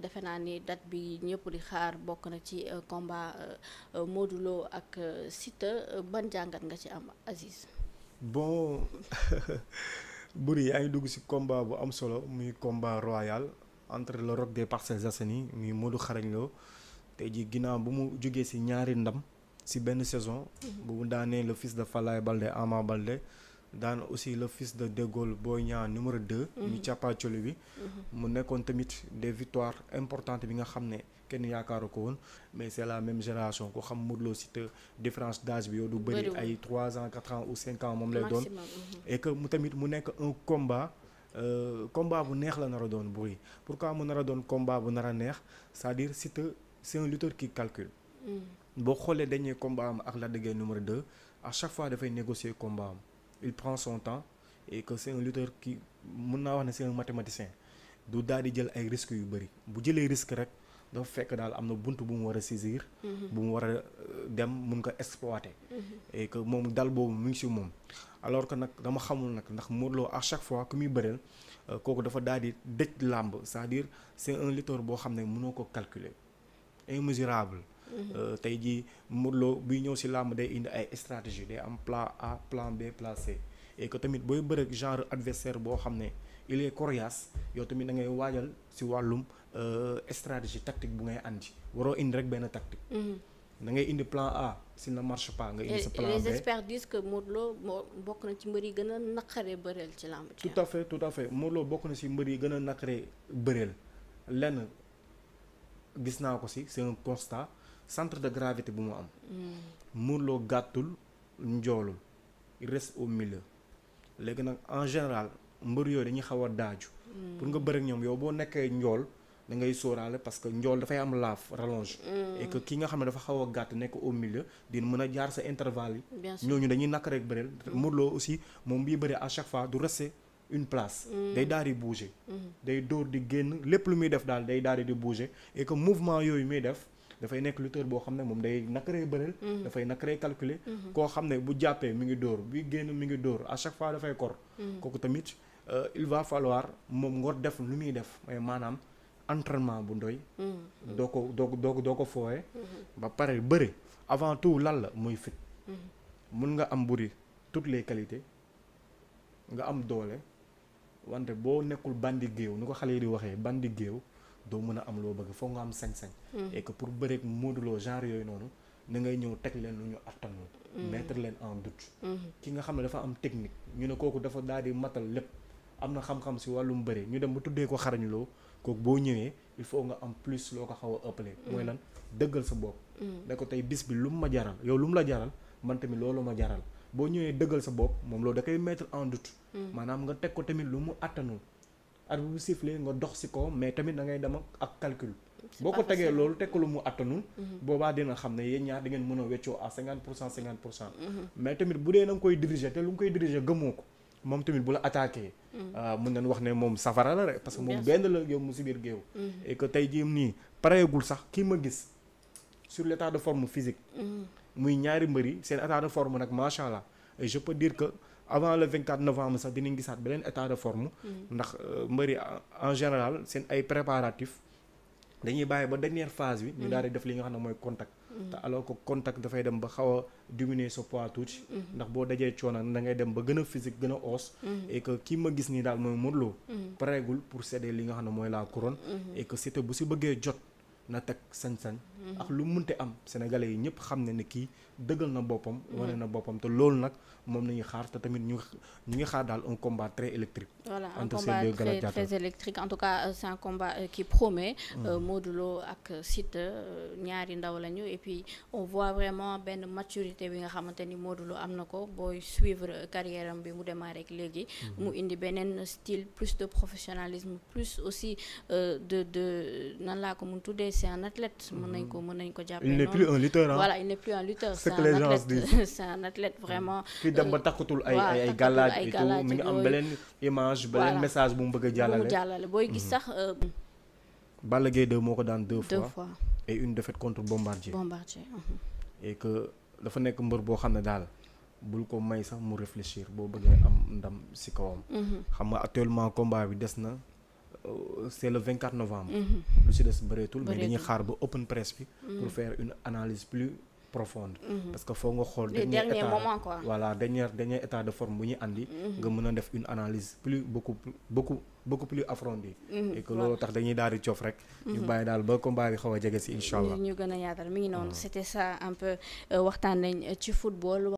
defe naa ni dat bi ñëpp di xaar bokk na ci euh, combat euh, Modou ak euh, Siteu ban jàngat nga ci am Aziz bon buri yaa ngi dugg ci combat bu am solo muy combat royal entre le Roc des Parcelles Assainies muy Modou Xarañ Lo tey ji ginnaaw bu mu jógee ci ñaari ndam ci benn saison mm-hmm. bu mu daanee le fils de Falaye Balde Ama Balde daan aussi le fils de De Gaulle Boignan numéro 2. Mhm. ñu càppaacoli bi. Mhm. mu nekkoon tamit des victoires importantes bi nga xam ne kenn yaakaaru ko woon mais c'est la même génération ko xam Modou Lo différence d' âge bi yow du ay 3 ans 4 ans ou 5 ans moom lay doon. Mhm. et que mu tamit mu nekk un combat. Euh, combat bu neex la nar a pourquoi mu nar a doon combat bu nar a neex c'est-à-dire Siteu c' un lutteur qui calcule. Mm. boo xoolee dañuy combat am ak la de numéro 2 à chaque fois dafay négocier combat am il prend son temps et que c'est un lutteur qui mun naa wax ne c'est un mathématicien du daal di jël ay risques yu bëri bu jëlee risque rek dafa fekk daal am na bunt bu mu war a saisir. Mhm. bu mu war a euh, dem mun ko exploiter. Mhm. et que moom dal boobu mu ngi si moom. alors que nag dama xamul nag ndax Modou à chaque fois que muy bëreel euh, kooku dafa daal di dëj làmb c'est-à-dire c'est un lutteur boo xam ne mënoo ko calculer immesurable. Euh, tey jii Modou Lo buy ñëw si làmb day indi ay stratégie day am plan A plan B plan C et que tamit booy bërëg genre adversaire boo xam ne il est coriace yow tamit da ngay waajal si wàllum euh, stratégie tactique bu ngay andi waroo indi rek benn tactique. Mhm. da ngay indi plan A si ne marche pas nga indi sa plan B les experts disent que Modou Lo bokk na ci mbër yi gën a naqaree bëreel ci làmb. tout à fait tout à fait Modou Lo bokk na si mbër yi gën a naqaree bëreel lenn gis naa ko si c'est un constat centre de gravité bu mu am. Modou mm. Lo gàttul njoolul il reste au milieu léegi nag en général mbër yooyu dañuy xaw a daaju. Mm. pour nga bëri ak ñoom yow boo nekkee njool da ngay sóoraale parce que njool dafay am laaf rallonge. Mm. et que ki nga xam ne dafa xaw a gàtt nekk au milieu dina mën a jaar sa intervalle yi. bien sûr ñooñu dañuy nakk rek bëreel. Modou aussi moom bi bëree à chaque fois du rester. une place. day daal di bouger. day dóor di génn lépp lu muy def daal day daal di bouger et que mouvement yooyu muy def. dafay nekk lutteur boo xam ne moom day nakaree bëreel mhm. dafay nakaree calculer mhm. koo xam ne bu jàppee mi ngi dóor bi génn mi ngi dóor à chaque fois dafay kor mhm. kooku tamit euh, il va faloir moom ngor def lu muy def mais maanaam entraînement bu ndoy doo ko doo ko doo ko doo ko fooye ba pare bëri avant tout lan la muy fit mun nga am buri toutes les qualités nga am doole wante boo nekkul bandi géew nu ko xale yi di waxee bandi géew doo mën a am loo bëgg foog nga am sañ-sañ mm. et que pour bëreek Modou genre yooyu noonu na ngay ñëw teg leen lu ñu attanul mm. mettre leen en doute mm-hmm. ki nga xam ne dafa am technique ñu ne kooku dafa daal di matal lépp am na xam-xam si wàllum bëri ñu dem ba tuddee ko xarañ loo kooku boo ñëwee il faut nga am plus loo ko xaw a ëppale mm. mooy lan dëggal sa bopp da ko tey bis bi lu mu ma jaral yow lu mu la jaral man tamit loolu ma jaral boo ñëwee dëggal sa bopp moom loolu da koy en doute maanaam nga teg ko tamit lu mu attanul arbitre bu sifflé nga dox si ko mais tamit da ngay dem ak calcul. boo ko tegee loolu teg lu mu attanul. Mhm. boobaa dina xam ne yéen ñaar di ngeen mën a weccoo à cinquante pour cent cinquante pour cent. Mhm. mais tamit bu dee na koy diriger te lu nga koy diriger gëmoo ko moom tamit bu la attaqué. mën mhm. ah, nañu wax ne moom safara la rek. parce moom benn la yow mu si biir géew. et tey jii nii pareegul sax kii ma gis sur l' état de forme physique. muy ñaari mbëri seen état de que. avant le 24 novembre sax dinañ gisaat beneen état de forme. Mm. ndax euh, mbeuri en général sen ay préparatifs. dañuy baye ba dernière phase bi. ñu mm. daal def li nga xamne moy contact. Mm. ta alors que contact fay dem ba xawa diminuer sa poids tuuti. Mm-hmm. ndax bo dajé choona da ngay dem ba gëna physique gëna a os. Mm-hmm. et que ki ma gis ni daal moy Modou mm-hmm. prégul pour céder li nga xamne moy la couronne. et que c'était bu si bëggee jot na san san mhm. ak lu munte am sénégalais yi ñëpp xam ne ne kii dëggal na bopam wane na bopam té lool nak mom la ñuy xaar té tamit ñu ñu ngi xaar dal un combat très électrique. voilà un combat très très électrique en tout cas euh, c'est un combat euh, qui promet. Euh, mhm. Modou ak Siteu ñaari ndaw lañu et puis on voit vraiment ben maturité bi nga xamante ni Modou Lo ko booy suivre carrière am bi mu démarré ak léegi. Mhm. mu indi benen style plus de professionnalisme plus aussi de de nan la ko mu tuddee c'est un athlète. Mmh. Il n'est plus un lutteur. Hein? Voilà, il n'est plus un lutteur. C'est que les gens disent. c'est un athlète mm-hmm. vraiment. Puis d'abord, tu as des galades et tout. Tu as une image, un message pour que tu aies. Balla Gaye 2 moo ko daan deux fois et une défaite contre Bombardier. Bombardier. Uh-huh. et que dafa nekk mbër boo xam ne daal bul ko may sax mu réfléchir boo bëggee am ndam si kawam. Mm-hmm. xam nga actuellement combat bi des na. Euh, c'est le 24 novembre. Mhm. lu si des bëreetul. mais dañuy xaar open press mhm. pour faire une analyse plus profonde. Mhm. parce que foo nga xool. dernier état quoi. voilà dernier dernier état de forme bu ñuy andi. nga def une analyse plus beaucoup beaucoup beaucoup plus affrontée. et que loolu tax dañuy daal di coof rek. ñu bàyyi daal ba combat bi xaw a jege si incha ñu gën mi ngi c'était ça un peu euh, waxtaan ci football.